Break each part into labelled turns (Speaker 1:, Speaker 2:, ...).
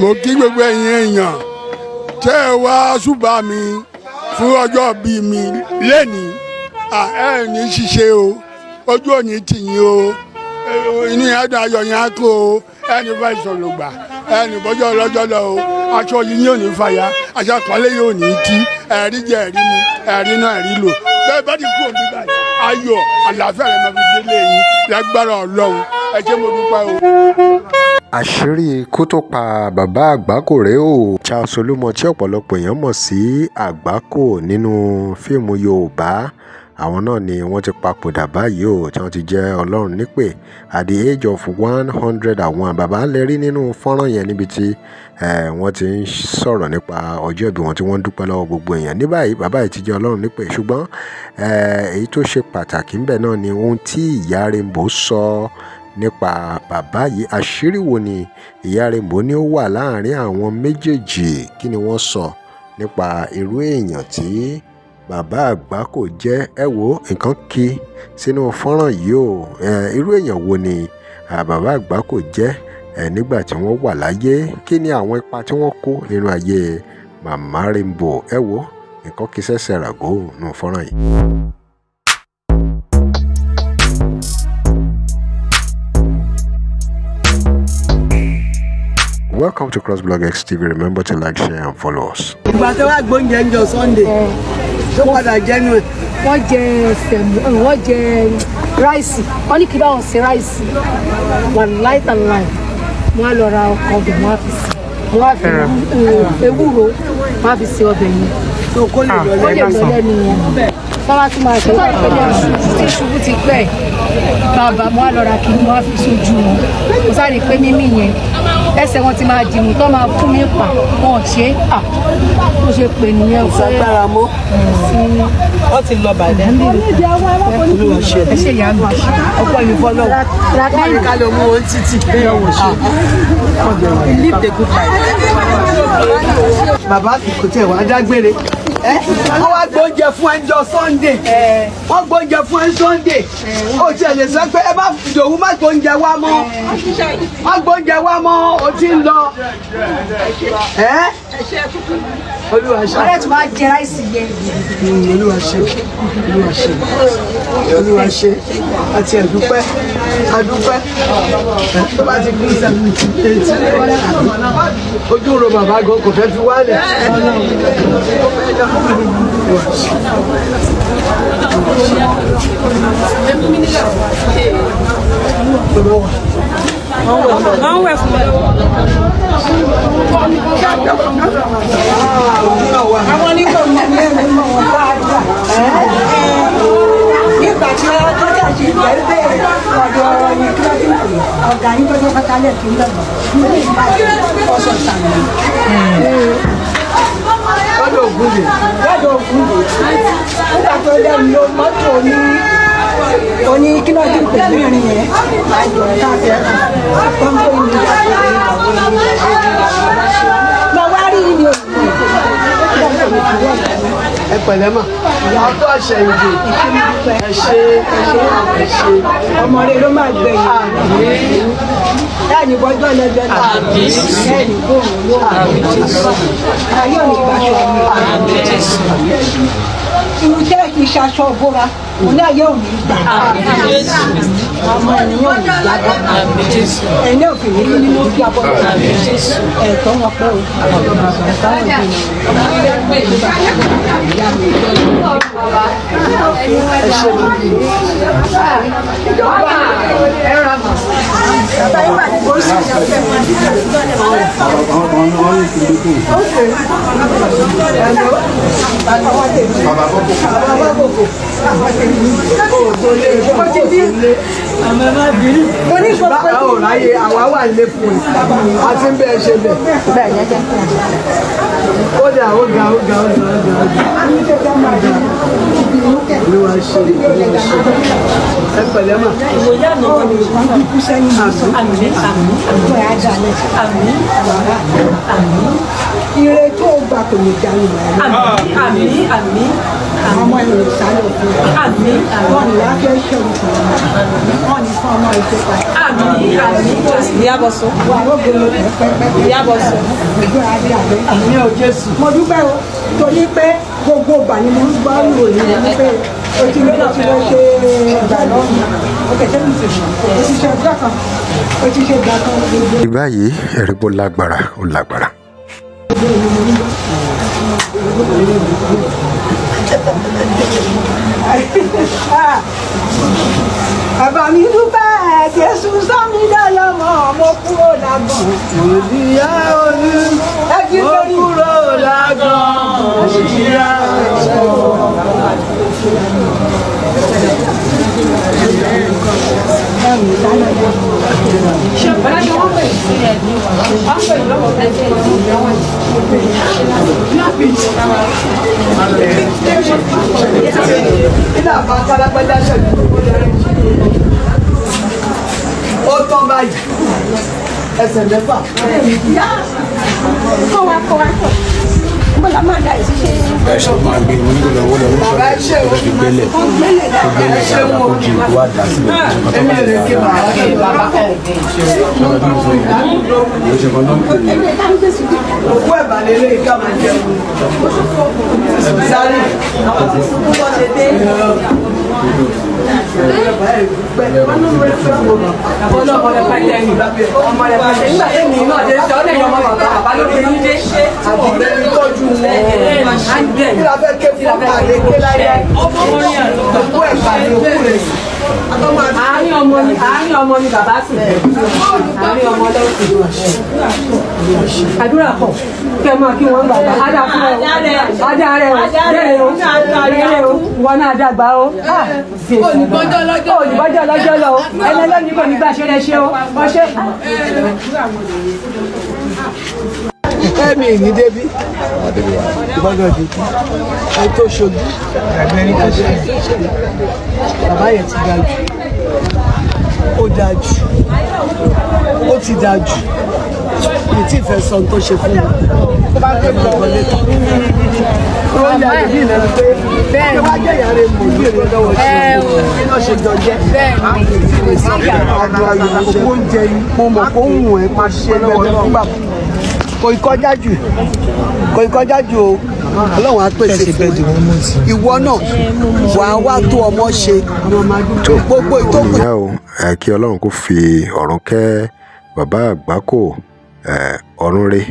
Speaker 1: mo kí gbogbo ẹ̀yin èèyàn tẹ́ ẹ wá mi fún ọjọ́ bíi mi lẹ́nìí ẹ ní ṣiṣẹ́ o ojú òní tì yín o inú yẹn dùn yẹn o ẹni bá ìṣòro gbà ẹni bọ́jọ́ lọ́jọ́ lọ o aṣọ yìí yóò ní fàyà aṣọ ní tí ẹ̀rí mu ẹ̀rí náà ẹ̀rí lò bẹ́ẹ̀ bá ti kú báyìí ayọ̀ àlàáfíà rẹ̀ máa fi délé yìí lágbára ọlọ́run
Speaker 2: àṣírí ikú tó pa bàbá àgbákò rèé o Charles Olúmọ tí ọ̀pọ̀lọpọ̀ èèyàn mọ̀ sí àgbákò nínú fíìmù Yorùbá àwọn náà ni wọ́n ti papòdà báyìí o tí wọ́n ti jẹ́ Ọlọ́run nípè at the age of one hundred and one bàbá lè rí nínú fọ́nrán yẹn níbi tí wọ́n ti ń sọ̀rọ̀ nípa ọjọ́ ìbí wọn tí wọ́n ń dúpẹ́ lọ́wọ́ gbogbo èèyàn ní báyìí bàbá yìí ti jẹ́ Ọlọ́run nípè ṣùgbọ́n èyí tó ṣe pàtàkì ńbẹ̀ náà ni ohun tí ìyá Rainbow sọ. So, nípa bàbá yìí àṣírí wo ni ìyá Rainbow ní ó wà láàrin àwọn méjèèjì kí ni wọ́n sọ nípa irú èèyàn tí bàbá Àgbákò jẹ́ ẹ wo nǹkan kí sínú fọ́nrán yìí o irú èèyàn wo ni bàbá Àgbákò jẹ́ ẹ nígbà tí wọ́n wà láyé kí ni àwọn ipa tí wọ́n kó nínú ayé màmá Rainbow ẹ wo nǹkan kí sẹ́sẹ̀ ràgó nù fọ́nrán yìí. Welcome to Crossblog XTV. Remember to like, share, and follow us.
Speaker 1: Ìgbà tó wá gbóúnjẹ Sunday, eh. tó padà jẹ́nu ẹ̀. Wọ́n jẹ sẹ̀mú, eh, wọ́n jẹ ráìsì, wọ́n ní kí bá wọn ṣe ráìsì. Wọ́n láì tàn láì, wọ́n á lọ ra ọkọ̀ ọbẹ̀, wọ́n á fi sí báwa tún máa ṣe wà ṣubú ti pẹ́ bàbá mo á lọ ra kí mo á fi sójú wọn mo sáré pé mímì yẹn ẹsẹ̀ wọn ti máa dìmú tó máa fún mi pa wọn ò ṣe à bó ṣe pè nìyẹn o. ìsagbára mọ́ hmm. wọ́n ti lọ bàjẹ́. olúwa ṣe ẹ ṣe ìyá mi ọ̀pọ̀ ìfọ́ náà ọ̀pọ̀ ìka ló mú wọn títì. bàbá kò tẹ̀ wá dágbére wọ́n wá gbóúnjẹ fún ẹnjọ sunday wọ́n gbóúnjẹ fún ẹn sunday ó tiẹ̀ lè sọ pé ẹ bá dòwú má gbóúnjẹ wá mọ́ má gbóúnjẹ wá mọ́ o ti ń lọ olúwa ṣe ọ̀rẹ́ hmm, ojú ro bàbá gan kò fẹ́ fi wálẹ̀. Thank you wọ́n wẹ̀ fún mi. àwọn oníkọ̀ mọ̀ ní ẹ̀mí mọ̀ wọ́n dáadáa. nígbà tí wọ́n tó jàjì ìgbẹ́ bẹ́ẹ̀ ọ̀dọ̀ ọ̀rọ̀ yìí kí wọ́n ti ń pè ọ̀gá yín tó tó fẹ́ kálẹ̀ kí n lọ́nà ní ìgbà tí wọ́n sọ sàmì. lọ́dọ̀ ògùn lè lọ́dọ̀ ògùn lè nígbà tó dẹ́nu ló mọ́tò ní òní kílọ̀ tí ń pèsè rìn yẹn àjọ káfíà kan tó ń bí àgbà wá rí ni o ẹ pẹ̀lẹ́ mà àbọ àṣẹ ìdè ẹ ṣe ẹ ṣe ọmọ rẹ ló máa gbẹ yìí láàyè bọjọ lẹgbẹ náà lẹ́yìn bóun ló wà ayé òní ìbáṣọ mi irú tẹ́ ẹ̀ ti ṣaṣọ ìbora òun náà yóò ní gbà ọmọ ènìyàn ní ìyàbọ̀ ẹ̀ní òfin ní nínú bí abọ́ ẹ̀tọ́ wọn pẹ́ o ẹ̀tọ́ wọn pẹ́ o. Àwọn ọmọ náà bàbá bọ́kò bàbá bọ́kò òògùn lè bọ́kò sílé àmọ́ má bí. mo ní kò pé. báwo láyé àwa wà lé fún un a ti ń bẹ́ẹ̀ ṣe bẹ́ẹ̀. ó dà ó ga ó ga ó ga. máa ṣe ìlú wọn ṣe ẹ pẹ̀lẹ́ mà. ìwòye àná wọn ni kú sẹ́yìn àmì àmì àmì àmì àmì àmì àmì àmì. ire tó o gbà kò ní dànù rẹ. àmì àmì àmì àwọn ọmọ ẹ̀rọ ìsáré òfin àmì wọn ìyá fẹ́ ṣe òkú wọn ní fún ọmọ ìṣe pàtàkì àmì àmì ìyábọ̀sọ wà lóògbé pẹpẹpẹ ìyábọ̀sọ ojú adé àbẹ àmì ò jésù. mo dúpẹ́ o torí pé gbogbo ìgbà ni mo ń gbọ́ ìròyìn rẹ̀ wípé o ti ní o ti lọ o kẹ̀kẹ́ ti o ti ṣe ọjọ́ kan o ti ṣe ìgbà
Speaker 2: kan. ìbáyìí ẹ̀rí bó lágbára ó lágbára
Speaker 1: bàbá mi dúpẹ́ jésù sọ́mi dá lọ́mọ mo kúrò lágbọ̀n òbí yá o. ó tán báyìí ẹsẹ̀ mẹ́fà. kó wa kó wa kọ̀ bọ́lá máa da ìṣiṣẹ́ yìí. ẹ ṣe máa gbé ní ìlú lọ́wọ́ lọ́wọ́ sọ pé ó ti gbélẹ̀ ó gbélẹ̀ dáadáa ó ti wá dà sílẹ̀ ó ti máa tẹ̀lé dáadáa. òkú ẹ̀bà lélẹ̀ ìka máa jẹun sáré àwọn àti sùkú wọ́n ṣe dé. Ọmọ rẹ̀ pàtẹ́ ìgbà pé ọmọ rẹ̀ pàtẹ́ ìgbà pé mi náà dé sọ́ọ́ lẹ́yìn ọmọ bàbá bàbá ló fi ń dé kí la fẹ́ ké fún àlékè láyé òkú ẹ̀ pàdé òkú rẹ̀ àárín ọmọ ni àárín ọmọ ni bàbá sì àárín ọmọ lẹ́sìn àdúrà pọ̀ kẹ́ máa kí wọ́n bàbá ádá fún ọ ádá rẹ o rẹ o rẹ o wọn náà dàgbà o olùbọ́jọ́ lọ́jọ́ lọ ẹlẹ́lẹ́ni kò ní gbàṣẹ́ rẹ ṣe o ọṣẹ́ ẹ̀mí ní débi ìbágbàdì ẹni ṣojú bàbá yẹn ti dájú ó dájú ó ti dájú mi tí ìfẹ́ sọ tó ṣe fún mi tó bá tó lọ wọlé tán ó ń yàrá bí ìlànà pé bẹ́ẹ̀ ni wọ́n jẹ́ ìyàrá èmò bí èrè lọ́wọ́ ṣe é náà ṣe jọ jẹ́ bẹ́ẹ̀ ni ìfẹ́ sí ìyàrá ọ̀dọ́ ayọ̀ oúnjẹ yìí mo mọ̀ kó ń wù ẹ́ máa ṣe lọ́wọ́ nígbà kò ìkọjá jù kò ìkọjá jù o ọlọ́run á pèsè fún ẹ ìwọ náà wàá wá tó ọmọ ṣe gbogbo ìtòkùn. ìyá
Speaker 2: o ẹ kí ọlọ́run kò fi ọ̀run kẹ́ bàbá àgbákò ọ̀run rẹ̀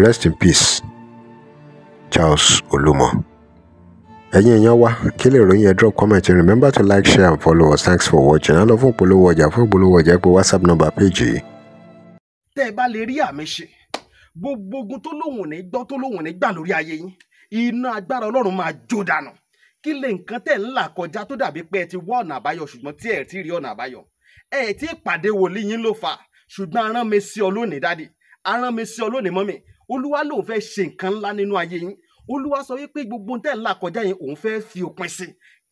Speaker 2: rest in peace Charles Olúmọ ẹ̀yin èèyàn wa kí lè ròyìn ẹ drop comment remember to like share and follow us thanks for watching á lọ fún ìpolówó ọjà fún ìpolówó ọjà pé whatsapp number page yìí.
Speaker 1: tẹ́ ẹ bá lè rí àmì ṣe gbogbo ogun tó lóun ò ní gbọ́ tó lóun ò ní gbà lórí ayé yín iná agbára ọlọ́run máa jó dànù kí lè nǹkan tẹ̀ ń là kọjá tó dàbí pé ẹ ti wá ọ̀nà àbáyọ ṣùgbọ́n tí ẹ ti rí ọ̀nà àbáyọ ẹ ti pàdé wòlíì yín ló fà ṣùgbọ́n arán mi sí ọ lónìí dádì arán mi sí ọ lónìí mọ́mì olúwa lòun fẹ́ ṣe nǹkan ńlá nínú ayé yín olúwa sọ wípé gbogbo tẹ̀ ń là kọjá yẹn òun fẹ́ fi òpin sí